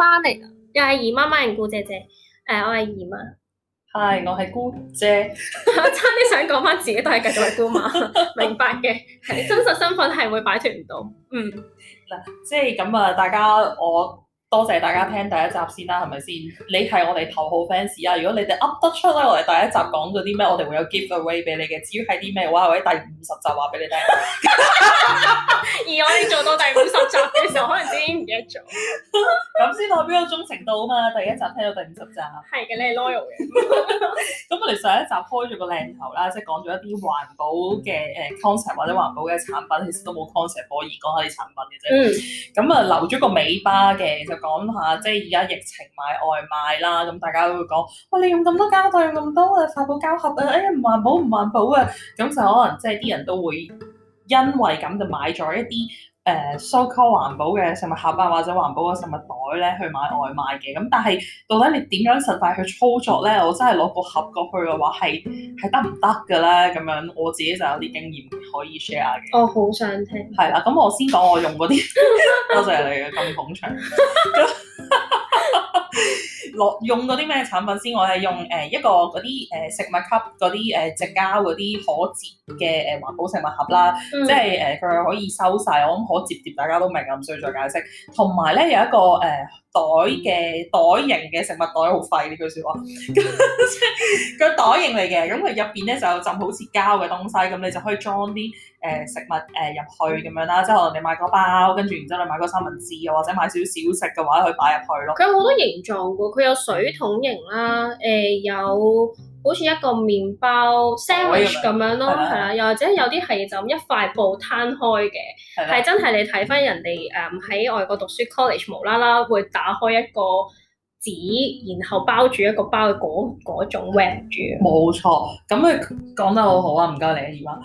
翻嚟噶，又係姨媽媽，人姑姐姐，誒、呃，我係姨媽，係我係姑姐。 差啲想講翻自己都係繼續係姑媽。 明白嘅的，係 真實身份係會擺脫唔到。嗯，嗱，即係咁啊，大家我。多謝大家聽第一集先啦，係咪先？你係我哋頭號 fans 啊！如果你哋噏得出咧，我哋第一集講咗啲咩，我哋會有 give away 俾你嘅。至於係啲咩話，或者第五十集話俾你聽。而我哋做到第五十集嘅時候，可能已經唔記得咗。咁先代表個忠誠度啊嘛！第一集聽到第五十集，係嘅，你係 loyal 嘅。咁我哋上一集開住個靚頭啦，即係講咗一啲環保嘅誒 concept 或者環保嘅產品，其實都冇 concept，可以講下啲產品嘅啫。嗯。咁啊，留咗個尾巴嘅講下即係而家疫情買外賣啦，咁、嗯、大家都會講：哇！你用咁多膠袋，用咁多啊，發泡膠盒啊，哎呀唔環保唔環保啊！咁就可能即係啲人都會因為咁就買咗一啲。誒，收購、uh, so、環保嘅食物盒啊，或者環保嘅食物袋咧，去買外賣嘅。咁但係到底你點樣實體去操作咧？我真係攞個盒過去嘅話，係係得唔得㗎咧？咁樣我自己就有啲經驗可以 share 嘅。我好想聽。係啦，咁我先講我用嗰啲。多 謝，謝你嘅咁捧場。 用嗰啲咩產品先？我係用誒、呃、一個嗰啲誒食物級嗰啲誒直膠嗰啲可折嘅誒環保食物盒啦，嗯、即係誒佢可以收晒，我諗可折折大家都明咁唔需要再解釋。同埋咧有一個誒。呃袋嘅袋型嘅食物袋，好廢呢句說話，咁佢 袋型嚟嘅，咁佢入邊咧就有浸好似膠嘅東西，咁你就可以裝啲誒、呃、食物誒入、呃、去咁樣啦，即係可能你買個包，跟住然之後你買個三文治，又或者買少少食嘅話，可以擺入去咯。佢有好多形狀噶佢有水桶型啦，誒、呃、有。好似一個麵包、sandwich 咁樣咯，係啦，又或者有啲係就一塊布攤開嘅，係真係你睇翻人哋誒喺外國讀書 college 無啦啦會打開一個紙，然後包住一個包嘅嗰種 wrap 住。冇錯，咁佢講得好好啊，唔該你，姨媽。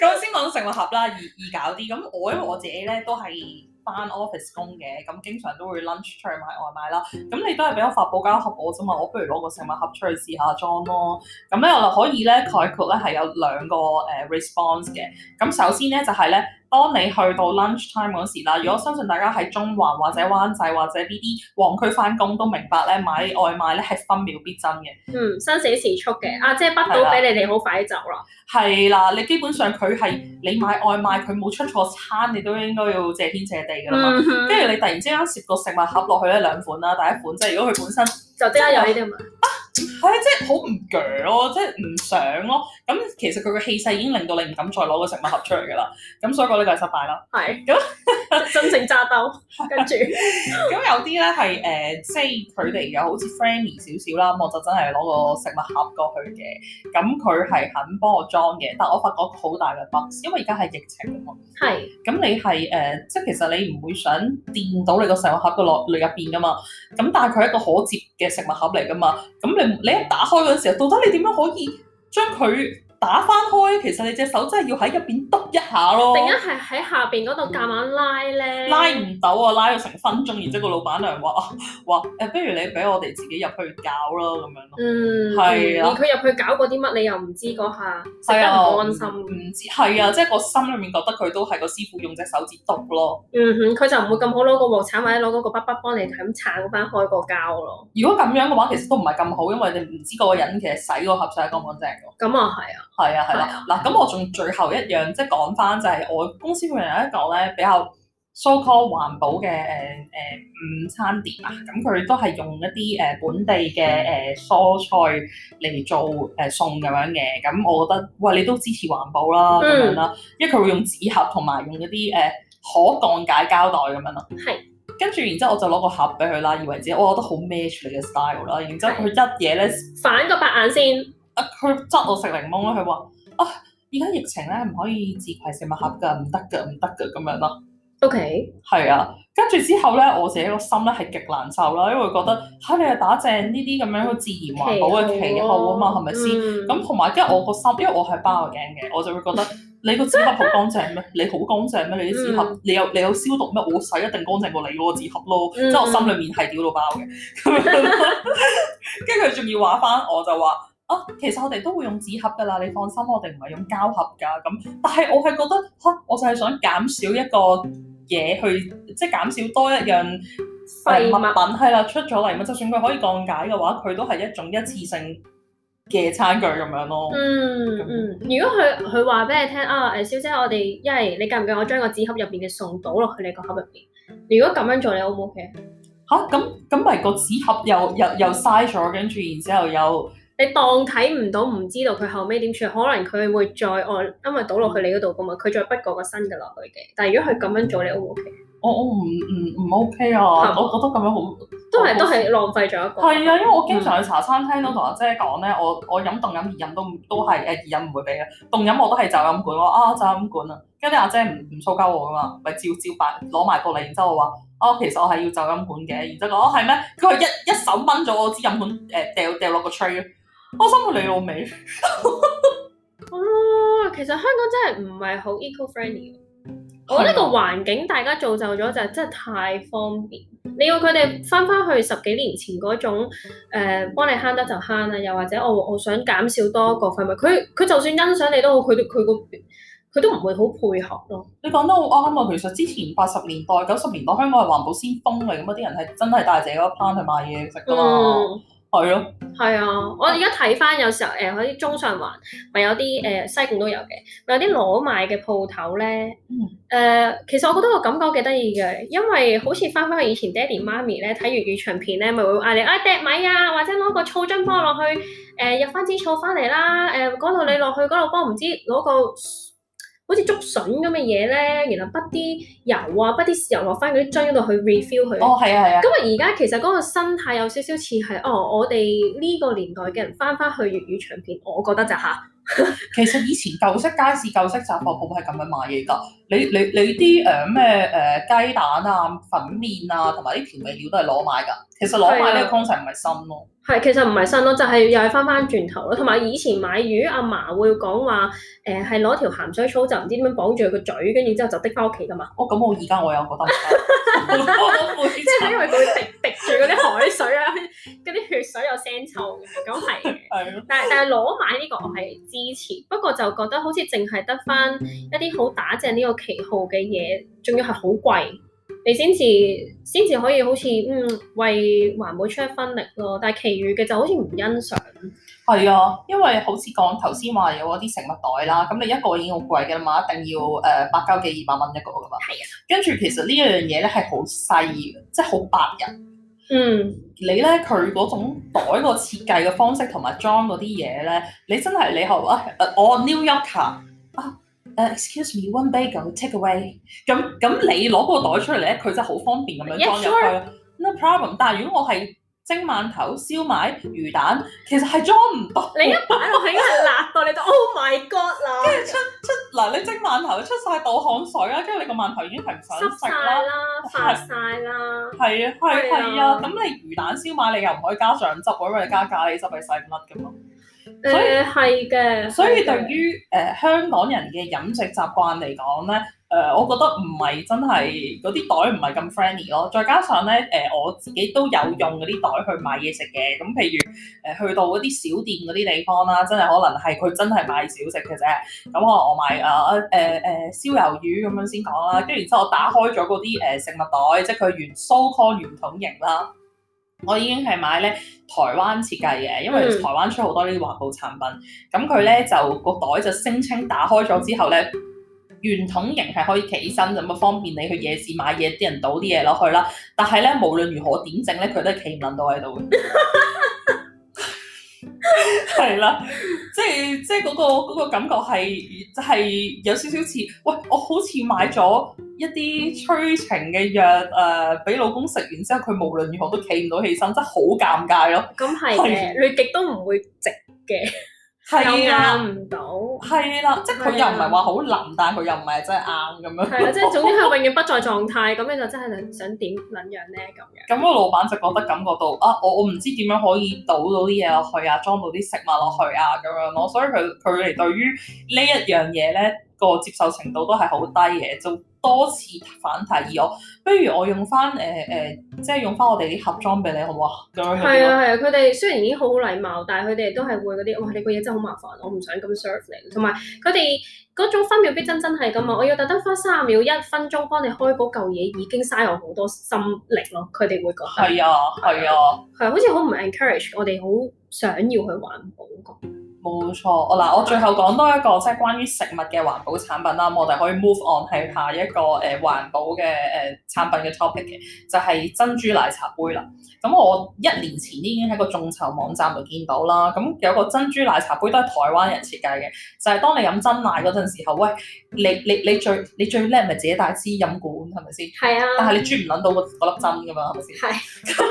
咁先講食物盒啦，易易搞啲。咁我因為我自己咧都係。翻 office 工嘅，咁、嗯、經常都會 lunch 出去買外賣啦。咁、嗯、你都係俾我發報家盒我啫嘛，我不如攞個食物盒出去試下裝咯。咁咧我就可以咧概括咧係有兩個誒、uh, response 嘅。咁、嗯、首先咧就係、是、咧。當你去到 lunch time 嗰時啦，如果相信大家喺中環或者灣仔或者呢啲旺區翻工都明白咧，買外賣咧係分秒必爭嘅。嗯，生死時速嘅，啊，即係畢到俾你哋好快走啦。係啦，你基本上佢係你買外賣，佢冇出錯餐，你都應該要謝天謝地噶啦嘛。跟住、嗯、哼你突然之間攝個食物盒落去咧，兩款啦，第一款即係如果佢本身就即刻有呢啲。呃係啊，即係好唔強咯，即係唔想咯。咁其實佢個氣勢已經令到你唔敢再攞個食物盒出嚟㗎啦。咁 所以嗰啲就係失敗啦。係的，咁 真正揸兜跟住。 咁有啲咧係誒，即係佢哋又好似 friendly 少少啦。我就真係攞個食物盒過去嘅。咁佢係肯幫我裝嘅，但我發覺好大嘅 box，因為而家係疫情啊嘛。係的。咁你係誒、呃，即係其實你唔會想掂到你個食物盒個落內入邊㗎嘛。咁但係佢係一個可摺嘅食物盒嚟㗎嘛。咁你。你一打開嗰陣時候，到底你點樣可以將佢？打翻開，其實你隻手真係要喺入邊篤一下咯。定一係喺下邊嗰度夾硬拉咧，嗯，拉唔到啊！拉咗成分鐘，然之後個老闆娘話，話、啊、誒，不如、欸、你俾我哋自己入去搞咯咁樣咯。嗯，係啊。而佢入去搞過啲乜，你又唔知嗰下，使得唔安心。唔知係啊，即係我心裡面覺得佢都係個師傅用隻手指篤咯。嗯哼，佢就唔會咁好攞個鑊鏟或者攞嗰個筆筆幫你咁拆嗰翻開個膠咯。如果咁樣嘅話，其實都唔係咁好，因為你唔知嗰個人其實洗個盒晒，得乾乾淨咁啊，係啊。嗯嗯嗯嗯嗯係啊，係啦、啊，嗱咁、啊、我仲最後一樣即係講翻就係、是、我公司會有一個咧比較 so called 環保嘅誒誒午餐店啊，咁佢都係用一啲誒本地嘅誒、呃、蔬菜嚟做誒餸咁樣嘅，咁我覺得喂、呃，你都支持環保啦咁、嗯、樣啦，因為佢會用紙盒同埋用一啲誒、呃、可降解膠袋咁樣咯。係是，跟住然之後我就攞個盒俾佢啦，以為自己我覺得好 match 你嘅 style 啦，然之後佢一嘢咧反個白眼先。啊！佢執我食檸檬啦，佢話：啊，而家疫情咧唔可以自攜食物盒噶，唔得噶，唔得噶咁樣咯。OK，係啊。跟住之後咧，我自己個心咧係極難受啦，因為覺得吓、啊，你係打正呢啲咁樣自然環保嘅旗號啊嘛，係咪先？咁同埋因為我個心，因為我係包個鏡嘅，我就會覺得你個紙盒好乾淨咩？你好乾淨咩？你啲紙盒、嗯、你有你有消毒咩？我洗一定乾淨過你嗰個紙盒咯。即係我心裏面係屌到包嘅咁樣，跟住佢仲要話翻，我就話。啊，其實我哋都會用紙盒噶啦，你放心，我哋唔係用膠盒噶咁。但係我係覺得嚇、啊，我就係想減少一個嘢去，即係減少多一樣廢物、呃、物品，係啦，出咗嚟嘛。就算佢可以降解嘅話，佢都係一種一次性嘅餐具咁樣咯。嗯嗯，如果佢佢話俾你聽啊，誒小姐，我哋因為你計唔計我將個紙盒入邊嘅餸倒落去你個盒入邊？如果咁樣做，你 O 唔 OK？吓，咁咁咪個紙盒又又又嘥咗，跟住然之後、後又。你當睇唔到唔知道佢後尾點算，可能佢會再按，因為倒落去你嗰度㗎嘛，佢再不過個新嘅落去嘅。但係如果佢咁樣做，你 O 唔 O K？我我唔唔唔 O K 啊！嗎我覺得咁樣好都係是很都係浪費咗一個。係啊，因為我經常去茶餐廳都同阿姐講咧、嗯，我我飲凍飲熱飲,熱飲都都係誒熱飲唔會俾啊，凍飲我都係走飲管咯啊走飲管啊。跟住啲阿姐唔唔騷鳩我嘅嘛，咪照照辦攞埋過嚟，然之後我話哦、啊、其實我係要走飲管嘅，然之後我係咩？佢、啊、一一手掹咗我支飲管，誒掉掉落個 tray。」我心冇你，我未。哦，其實香港真係唔係好 eco friendly。的我覺得個環境大家造就咗就係真係太方便。你要佢哋翻翻去十幾年前嗰種誒，幫、呃、你慳得就慳啊，又或者我我想減少多個廢物，佢佢就算欣賞你都好，佢佢個佢都唔會好配合咯。你講得好啱啊！其、嗯、實之前八十年代、九十年代，香港係環保先鋒嚟咁啊，啲人係真係帶自己個 pan 去買嘢食㗎嘛。Mm. 係咯，係啊！我而家睇翻有時候誒，啲、呃、中上環，咪有啲誒、呃、西貢都有嘅，咪有啲攞賣嘅鋪頭咧。誒、呃，其實我覺得個感覺幾得意嘅，因為好似翻返去以前爹哋媽咪咧睇完語長片咧，咪會嗌你啊掟、哎、米啊，或者攞個醋樽幫落去誒、呃，入翻支醋翻嚟啦。誒、呃，嗰度你落去嗰度幫唔知攞個。好似竹筍咁嘅嘢咧，然後筆啲油啊，筆啲豉油落翻嗰啲樽度去 refill 佢。哦，係啊，係啊。因為而家其實嗰個生態有少少似係，哦，我哋呢個年代嘅人翻翻去粵語長片，我覺得就吓。 其實以前舊式街市、舊式雜貨鋪係咁樣賣嘢㗎。你你你啲誒咩誒雞蛋啊、粉麵啊同埋啲調味料都係攞買㗎，其實攞買呢個 concept 唔係新咯，係其實唔係新咯，就係、係、又係翻翻轉頭咯。同埋以前買魚，阿嫲會講話誒係攞條鹹水草，就唔知點樣綁住佢個嘴，跟住之後就滴翻屋企㗎嘛。哦，咁我而家我又覺得， 因為佢滴滴住嗰啲海水啊，嗰啲 血水有腥臭咁係，係但係但係攞買呢個我係支持，不過就覺得好似淨係得翻一啲好打正呢、呢個。旗號嘅嘢，仲要係好貴，你先至先至可以好似嗯為環保出一分力咯。但係其餘嘅就好似唔欣賞。係啊，因為好似講頭先話有嗰啲食物袋啦，咁你一個已經好貴嘅啦嘛，一定要誒、呃、八九幾二百蚊一個噶嘛。係啊的。跟住其實呢樣嘢咧係好細即係好白人。嗯。你咧佢嗰種袋個設計嘅方式同埋裝嗰啲嘢咧，你真係你學、哎 er, 啊，我 New Yorker 啊。誒、uh,，excuse me，one bag 咁 take away，咁咁你攞嗰個袋出嚟咧，佢真係好方便咁樣裝入去。Yeah, sure. No problem。但係如果我係蒸饅頭、燒賣、魚蛋，其實係裝唔到。你一擺我係已經係辣到你，你就 oh my god 啦。跟住出出嗱，你蒸饅頭出晒倒汗水啦，跟住你個饅頭已經唔想食啦。濕曬啦，曬曬係啊，係係啊，咁啦你魚蛋燒賣你又唔可以加醬汁，因為你加咖喱汁係洗唔甩㗎嘛。所以係嘅。呃、所以對於誒、呃、香港人嘅飲食習慣嚟講咧，誒、呃、我覺得唔係真係嗰啲袋唔係咁 friendly 咯。再加上咧，誒、呃、我自己都有用嗰啲袋去買嘢食嘅。咁譬如誒、呃、去到嗰啲小店嗰啲地方啦、啊，真係可能係佢真係賣小食嘅啫。咁可能我買啊誒誒、呃呃、燒魷魚咁樣先講啦。跟住然之後我打開咗嗰啲誒食物袋，即係佢原 so-call 圓筒型啦、啊。我已經係買咧台灣設計嘅，因為台灣出好多呢啲環保產品。咁佢咧就個袋就聲稱打開咗之後咧，圓筒形係可以企身咁樣方便你去夜市買嘢，啲人倒啲嘢落去啦。但係咧，無論如何點整咧，佢都係企唔撚到喺度。 係啦， 即係即係、嗰、嗰個、嗰個感覺係係、就係、有少少似，喂，我好似買咗一啲催情嘅藥誒，俾、呃、老公食完之後，佢無論如何都企唔到起身，真係好尷尬咯。咁係、嗯，你極是都唔會直嘅。 係啊，係啦，了的即係佢又唔係話好腍，的但係佢又唔係真係硬咁的樣。係啊，即係總之佢永遠不在狀態，咁你 就真係想點撚樣呢？咁樣。咁個老闆就覺得感覺到啊，我我唔知點樣可以倒到啲嘢落去啊，裝到啲食物落去啊咁樣咯，所以佢佢哋對於呢一樣嘢咧個接受程度都係好低嘅。就多次反提，而我不如我用翻誒誒，即係用翻我哋啲盒裝俾你好唔好啊？咁樣，係啊係啊，佢哋雖然已經好好禮貌，但係佢哋都係會嗰啲，哇！你個嘢真係好麻煩，我唔想咁 serve 你。同埋佢哋嗰種分秒必爭真係咁啊！我要特登花三十秒一分鐘幫你開嗰嚿嘢，已經嘥我好多心力咯。佢哋會覺得係啊係啊，係、啊啊啊啊、好似好唔 encourage 我哋好想要去環保咁。冇錯，我嗱我最後講多一個即係關於食物嘅環保產品啦，我哋可以 move on 係下一個誒環保嘅誒產品嘅 topic 嘅，就係珍珠奶茶杯啦。咁我一年前已經喺個眾籌網站度見到啦。咁有個珍珠奶茶杯都係台灣人設計嘅，就係當你飲珍奶嗰陣時候，喂你你你最你最叻咪自己帶支飲管係咪先？係啊。但係你專唔揾到個嗰粒針嘛，係咪先？係啊。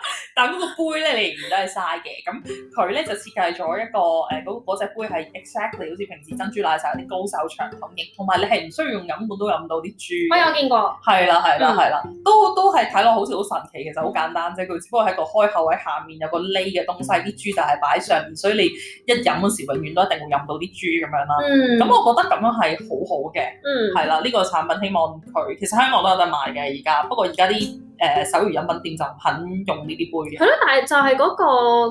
但嗰個杯咧，你仍然都係嘥嘅。咁佢咧就設計咗一個誒，嗰、呃、隻、那個那個、杯係 exactly 好似平時珍珠奶茶啲高手長筒型，同埋你係唔需要用飲管都飲到啲珠。我有見過。係啦，係啦，係啦、嗯，都都係睇落好似好神奇，其實好簡單啫。佢只不過喺個開口位下面有個孭嘅東西，啲珠就係擺上面，所以你一飲嗰時永遠都一定會飲到啲珠咁、嗯、樣啦。咁我覺得咁樣係好好嘅。嗯。係啦，呢、這個產品希望佢其實香港都有得賣嘅而家，不過而家啲。誒手搖飲品店就唔肯用呢啲杯嘅。係咯，但係就係嗰個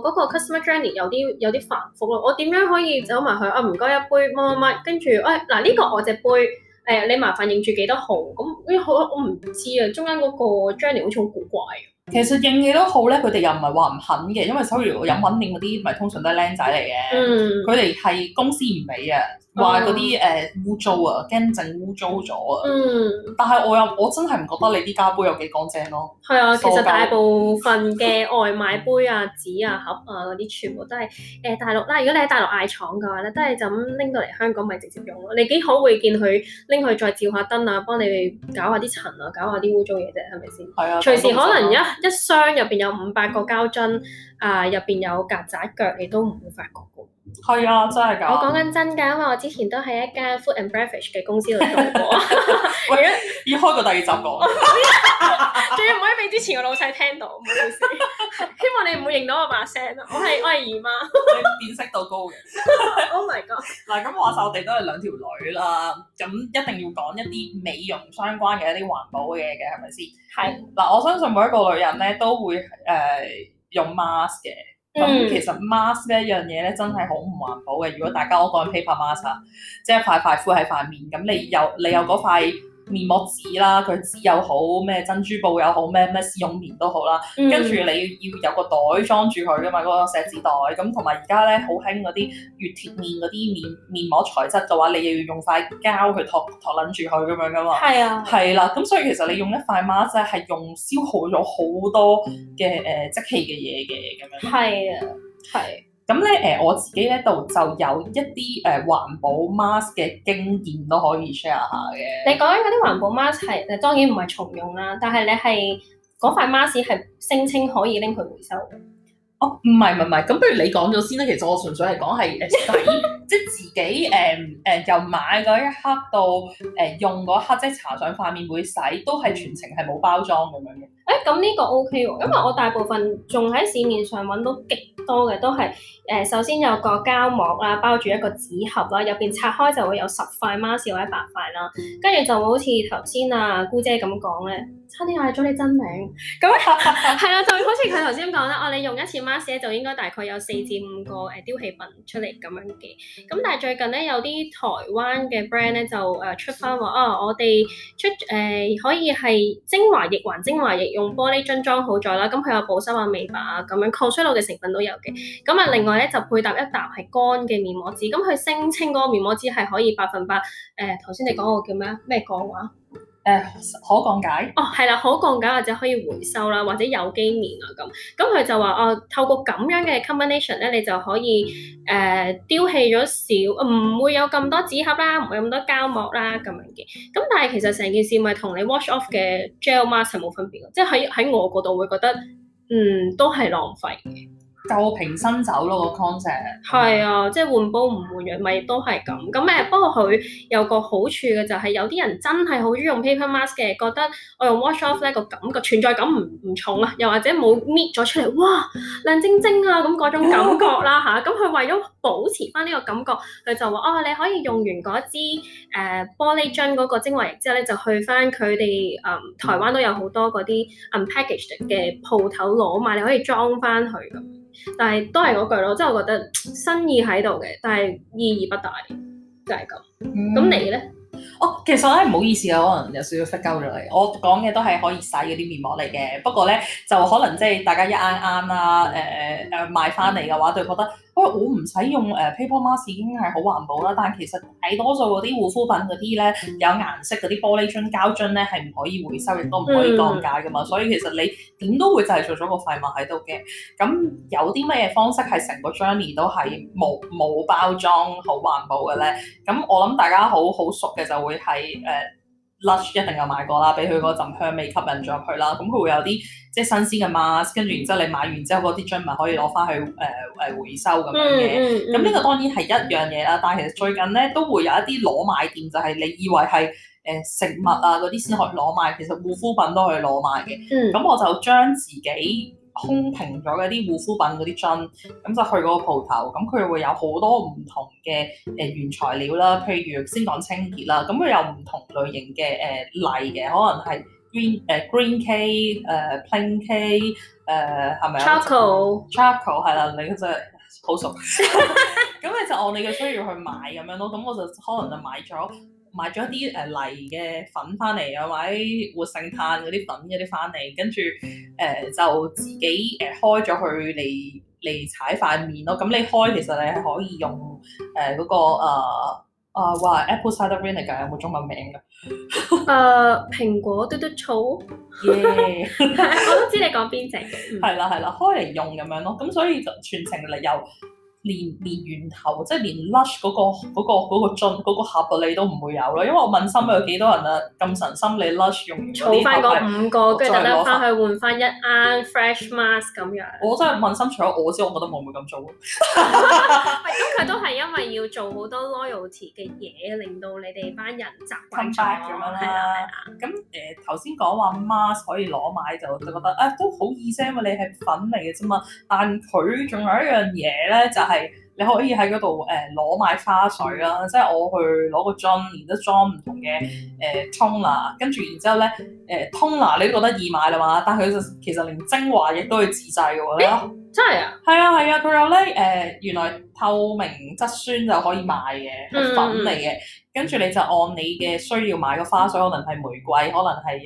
嗰個 Customer Journey 有啲有啲繁複咯。我點樣可以走埋去啊？唔該，一杯乜乜乜，跟住啊嗱呢個我隻杯誒，你麻煩認住幾多號咁？好，我唔知啊。中間嗰個 Journey 好似好古怪啊。其實認幾多號咧，佢哋又唔係話唔肯嘅，因為手搖飲品店嗰啲咪通常都係靚仔嚟嘅，佢哋係公司唔俾啊。話嗰啲誒污糟啊，驚整污糟咗啊！呃、嗯，但係我又我真係唔覺得你啲膠杯有幾乾淨咯、啊。係啊，其實大部分嘅外賣杯啊、紙 啊、盒啊嗰啲，全部都係誒、呃、大陸啦、啊。如果你喺大陸嗌廠嘅話咧，都係就咁拎到嚟香港，咪直接用咯。你幾可會見佢拎去再照下燈啊，幫你搞一下搞下啲塵啊，搞一下搞下啲污糟嘢啫，係咪先？係啊，隨時可能一、啊、一箱入邊有五百個膠樽啊，入邊有曱甴腳，你都唔會發覺。係啊，真係噶！我講緊真噶，因為我之前都喺一間 food and beverage 嘅公司度做過。而家 喂在要開過第二集個，仲要唔可以俾之前個老細聽到，唔好意思。 希望你唔會認到我把聲咯，我係我係姨媽。 你辨識度高嘅、 oh、my，god！嗱，咁話晒我哋都係兩條女啦，咁一定要講一啲美容相關嘅一啲環保嘅嘢嘅，係咪先？係嗱的、嗯，我相信每一個女人咧都會誒、呃、用 mask 嘅。咁、嗯、其實 mask 呢一樣嘢咧，真係好唔環保嘅。如果大家我講 paper mask，即係一塊塊敷喺塊面，咁、就是、你有你有嗰塊。面膜紙啦，佢紙又好，咩珍珠布又好，咩咩絲絨棉都好啦。跟住、嗯、你要有個袋裝住佢噶嘛，嗰、嗰個錫紙袋。咁同埋而家咧好興嗰啲越貼面嗰啲面、嗯、面膜材質嘅話，你又要用塊膠去托托撚住佢咁樣噶嘛。係啊，係啦。咁所以其實你用一塊 mask 係用消耗咗好多嘅誒即棄嘅嘢嘅咁樣。係啊的，係的。咁咧，誒、呃、我自己咧度就有一啲誒、呃、環保 mask 嘅經驗都可以 share 下嘅。你講緊嗰啲環保 mask 係誒當然唔係重用啦，但係你係嗰塊 mask 係聲稱可以拎佢回收嘅。哦唔係唔係，咁不,不,不,不,不如你講咗先啦。其實我純粹係講係誒洗， 即係自己誒誒、呃呃、由買嗰一刻到誒、呃、用嗰刻，即係搽上塊面會洗，都係全程係冇包裝咁樣嘅。誒咁呢個 O K 喎，因為我大部分仲喺市面上揾到極。多嘅都係、呃、首先有個膠膜啦、啊，包住一個紙盒啦，入、啊、面拆開就會有十塊 mask 或者八塊啦，跟、啊、住就會好似頭先啊姑姐咁講咧。啊差啲嗌咗你真名，咁係啦，就好似佢頭先講啦，哦，你用一次 mask 咧，就應該大概有四至五個誒、呃、丟棄品出嚟咁樣嘅。咁但係最近咧有啲台灣嘅 brand 咧就誒、呃、出翻話，啊、哦，我哋出誒、呃、可以係精華液還精華液用玻璃樽裝好咗啦。咁佢有保濕啊、美白啊咁樣抗衰老嘅成分都有嘅。咁啊、嗯，另外咧就配搭一疊係乾嘅面膜紙。咁佢聲稱嗰個面膜紙係可以百分百誒頭先你講個叫咩？咩講話？誒可降解？哦，係啦，可降解或者可以回收啦，或者有機棉啊咁。咁佢就話啊、哦，透過咁樣嘅 combination 咧，你就可以誒、呃、丟棄咗少，唔、呃、會有咁多紙盒啦，唔會咁多膠膜啦咁樣嘅。咁但係其實成件事咪同你 wash off 嘅 gel mask 係冇分別嘅，即係喺喺我嗰度會覺得，嗯，都係浪費嘅。就平身走咯，個 concept 係啊，即係換煲唔換藥，咪都係咁。咁誒，不過佢有個好處嘅就係、是、有啲人真係好中意用 paper mask 嘅，覺得我用 wash off 咧、個感覺存在感唔唔重啊，又或者冇搣咗出嚟，哇，亮晶晶啊咁嗰種感覺啦吓，咁佢、 啊、為咗保持翻呢個感覺，佢就話哦，你可以用完嗰支誒玻璃樽嗰個精華液之後咧，就去翻佢哋誒台灣都有好多嗰啲 unpackaged 嘅鋪頭攞嘛，你可以裝翻佢咁。但係都係嗰句咯，即係我覺得新意喺度嘅，但係意義不大，就係、是、咁。咁、嗯、你咧？哦，其實咧唔好意思啊，可能有少少失交咗你。我講嘅都係可以洗嗰啲面膜嚟嘅，不過咧就可能即係大家一啱啱啦，誒誒誒買翻嚟嘅話，對我、嗯、覺得。我不我唔使用誒、uh, paper mask 已經係好環保啦，但係其實大多數嗰啲護膚品嗰啲咧，有顏色嗰啲玻璃樽膠樽咧係唔可以回收，亦都唔可以降解噶嘛，嗯、所以其實你點都會製造咗個廢物喺度嘅。咁有啲咩方式係成個 journey 都係冇冇包裝好環保嘅咧？咁我諗大家好好熟嘅就會喺誒。Uh, Lush 一定有買過啦，俾佢嗰陣香味吸引咗入去啦，咁、嗯、佢會有啲即係新鮮嘅 mask，跟住然之後你買完之後嗰啲樽咪可以攞翻去誒誒、呃、回收咁樣嘅，咁、嗯、呢、嗯嗯嗯嗯、個當然係一樣嘢啦，但係其實最近咧都會有一啲攞賣店，就係、是、你以為係誒、呃、食物啊嗰啲先可以攞賣，其實護膚品都可以攞賣嘅，咁、嗯嗯、我就將自己。空瓶咗嗰啲護膚品嗰啲樽，咁就去嗰個鋪頭，咁佢會有好多唔同嘅誒原材料啦，譬如先講清潔啦，咁佢有唔同類型嘅誒泥嘅，可能係 green 誒、呃、green k 誒、呃、plain k 誒係咪啊？Charcoal，Charcoal 係啦，你真係好熟。咁 你就按你嘅需要去買咁樣咯，咁我就可能就買咗。買咗一啲誒、呃、泥嘅粉翻嚟，或者活性炭嗰啲粉嗰啲翻嚟？跟住誒就自己誒、呃、開咗佢嚟嚟踩塊面咯。咁你開其實你係可以用誒嗰、呃那個誒誒、呃呃、apple cider vinegar 有冇中文名㗎？誒、 呃、蘋果嘟嘟草，我都知你講邊隻。係啦係啦，開嚟用咁樣咯。咁所以就全程嚟由。連連源頭，即係連 lush 嗰、嗰個嗰、嗰個樽嗰、嗰個嗰個盒、嗰個、盒你都唔會有咯，因為我問心有幾多人啊，咁神心你 lush 用完啲盒，儲翻嗰五個，跟住咧翻去換翻一啱 fresh mask 咁樣。嗯、我真係問心除咗我之外，我覺得冇會咁做。咁佢都係因為要做好多 loyalty 嘅嘢，令到你哋班人習慣咁樣啦。咁誒頭先講話 mask 可以攞買，就就覺得、哎、都啊都好易啫嘛，因為你係粉嚟嘅啫嘛。但佢仲有一樣嘢咧，就係。係你可以喺嗰度誒攞買花水啦，嗯、即係我去攞個樽，然之後裝唔同嘅誒通拿，跟、呃、住、er, 然之後咧誒通拿你都覺得易買啦嘛，但係其實連精華亦都係自製喎、欸，真係啊？係啊係啊，佢有咧誒，原來透明質酸就可以買嘅粉嚟嘅，跟住、嗯、你就按你嘅需要買個花水，可能係玫瑰，可能係誒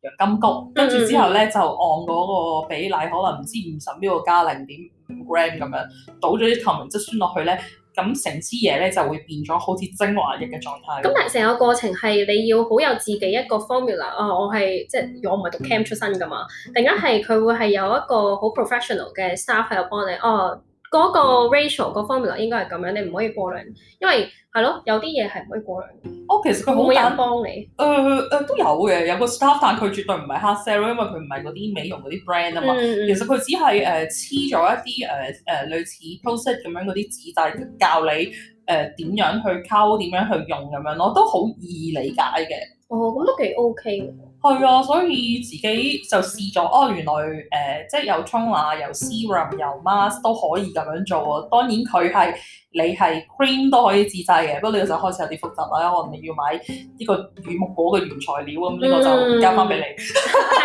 洋甘菊，跟住之後咧就按嗰個比例，可能唔知五十微個加零點。g r a 咁樣倒咗啲透明質酸落去咧，咁成支嘢咧就會變咗好似精華液嘅狀態。咁但係成個過程係你要好有自己一個 formula，哦，我係即係我唔係讀 c a m 出身噶嘛，定係佢會係有一個好 professional 嘅 staff 喺度幫你哦。嗰個 Rachel 各方面就應該係咁樣，你唔可以過量，因為係咯，有啲嘢係唔可以過量。我、哦、其實佢好會有人幫你。誒誒、呃呃、都有嘅，有個 staff，但佢絕對唔係黑 sell，因為佢唔係嗰啲美容嗰啲 brand 啊嘛。嗯嗯，其實佢只係誒黐咗一啲誒誒類似 post-it 咁樣嗰啲紙，但係教你。誒點、呃、樣去溝，點樣去用咁樣咯，都好易理解嘅。哦，咁都幾 OK。係啊，所以自己就試咗，哦，原來誒、呃，即係有沖牙、有 serum、有 mask 都可以咁樣做啊。當然佢係你係 cream 都可以自製嘅。不過你就開始有啲複雜啦，我哋要買呢個乳木果嘅原材料啊，咁呢個就加翻俾你、嗯。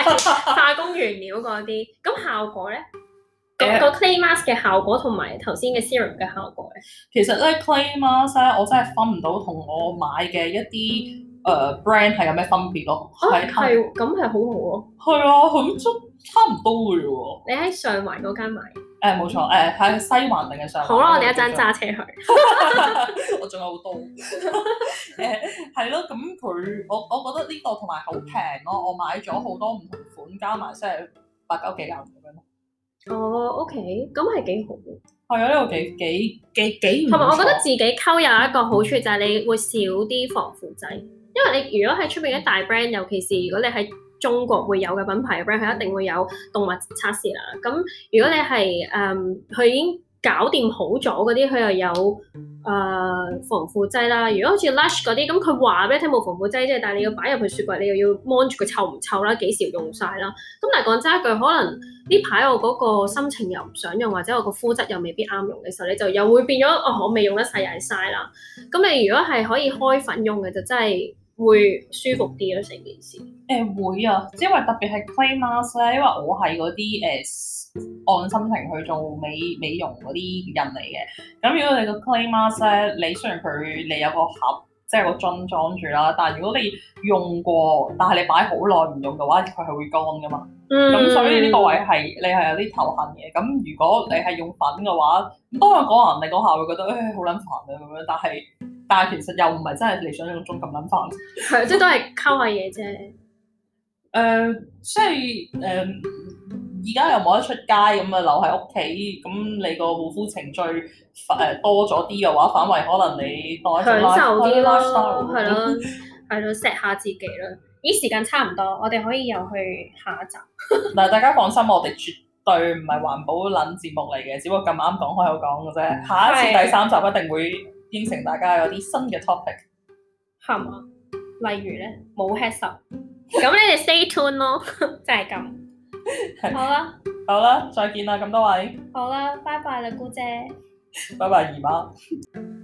化工原料嗰啲，咁效果咧？個 clay mask 嘅效果同埋頭先嘅 serum 嘅效果咧，其實咧 clay mask 咧，我真係分唔到同我買嘅一啲誒 brand 係有咩分別咯，係咁係好好咯，係啊，啊啊好足，差唔多嘅。你喺上環嗰間買？誒，冇錯，誒喺西環定係上環？好啦，我哋一陣揸車去。我仲有好多，誒係咯，咁佢我我覺得呢度同埋好平咯，我買咗好多唔同款，加埋即係八九百蚊咁樣。Lup 哦、oh，OK，咁係幾好嘅，係 啊，呢個幾幾幾幾同埋，我覺得自己溝有一個好處就係你會少啲防腐劑，因為你如果喺出邊一大 brand，尤其是如果你喺中國會有嘅品牌 brand，佢一定會有動物測試啦。咁、嗯、 如果你係誒、嗯、佢已經。搞掂好咗嗰啲，佢又有誒防腐劑啦。如果好似 Lush 嗰啲，咁佢話俾你聽冇防腐劑啫，但係你要擺入去雪櫃，你又要望住佢臭唔臭啦，幾時用晒啦。咁但係講真一句，可能呢排我嗰個心情又唔想用，或者我個膚質又未必啱用嘅時候，你就又會變咗。哦，我未用得晒，又係嘥啦。咁你如果係可以開粉用嘅，就真係。會舒服啲咯，成件事。誒、欸、會啊，因為特別係 clay mask 咧，因為我係嗰啲誒按心情去做美美容嗰啲人嚟嘅。咁如果你個 clay mask 咧，你雖然佢，你有個盒，即係個樽裝住啦，但係如果你用過，但係你擺好耐唔用嘅話，佢係會乾噶嘛。咁、嗯、所以呢個位係你係有啲頭痕嘅。咁如果你係用粉嘅話，當我講完你嗰下會覺得誒好撚煩啊咁樣，但係。但係其實又唔係真係你想像中咁撚法，係即係都係溝下嘢啫。誒，uh, 所以誒，而、uh, 家又冇得出街咁啊，留喺屋企。咁你個護膚程序誒多咗啲嘅話，反為可能你多享受啲咯，係咯 係咯，錫下自己啦。咦，時間差唔多，我哋可以又去下一集。嗱， 大家放心，我哋絕對唔係環保撚節目嚟嘅，只不過咁啱講開又講嘅啫。下一次第三集一定會。應承大家有啲新嘅 topic，係嘛？例如咧冇 headset 咁 你哋 stay tuned 咯，就係咁。 是好啦吧，好啦，再見啦，咁多位。好啦，拜拜啦，姑姐。 拜拜，姨媽。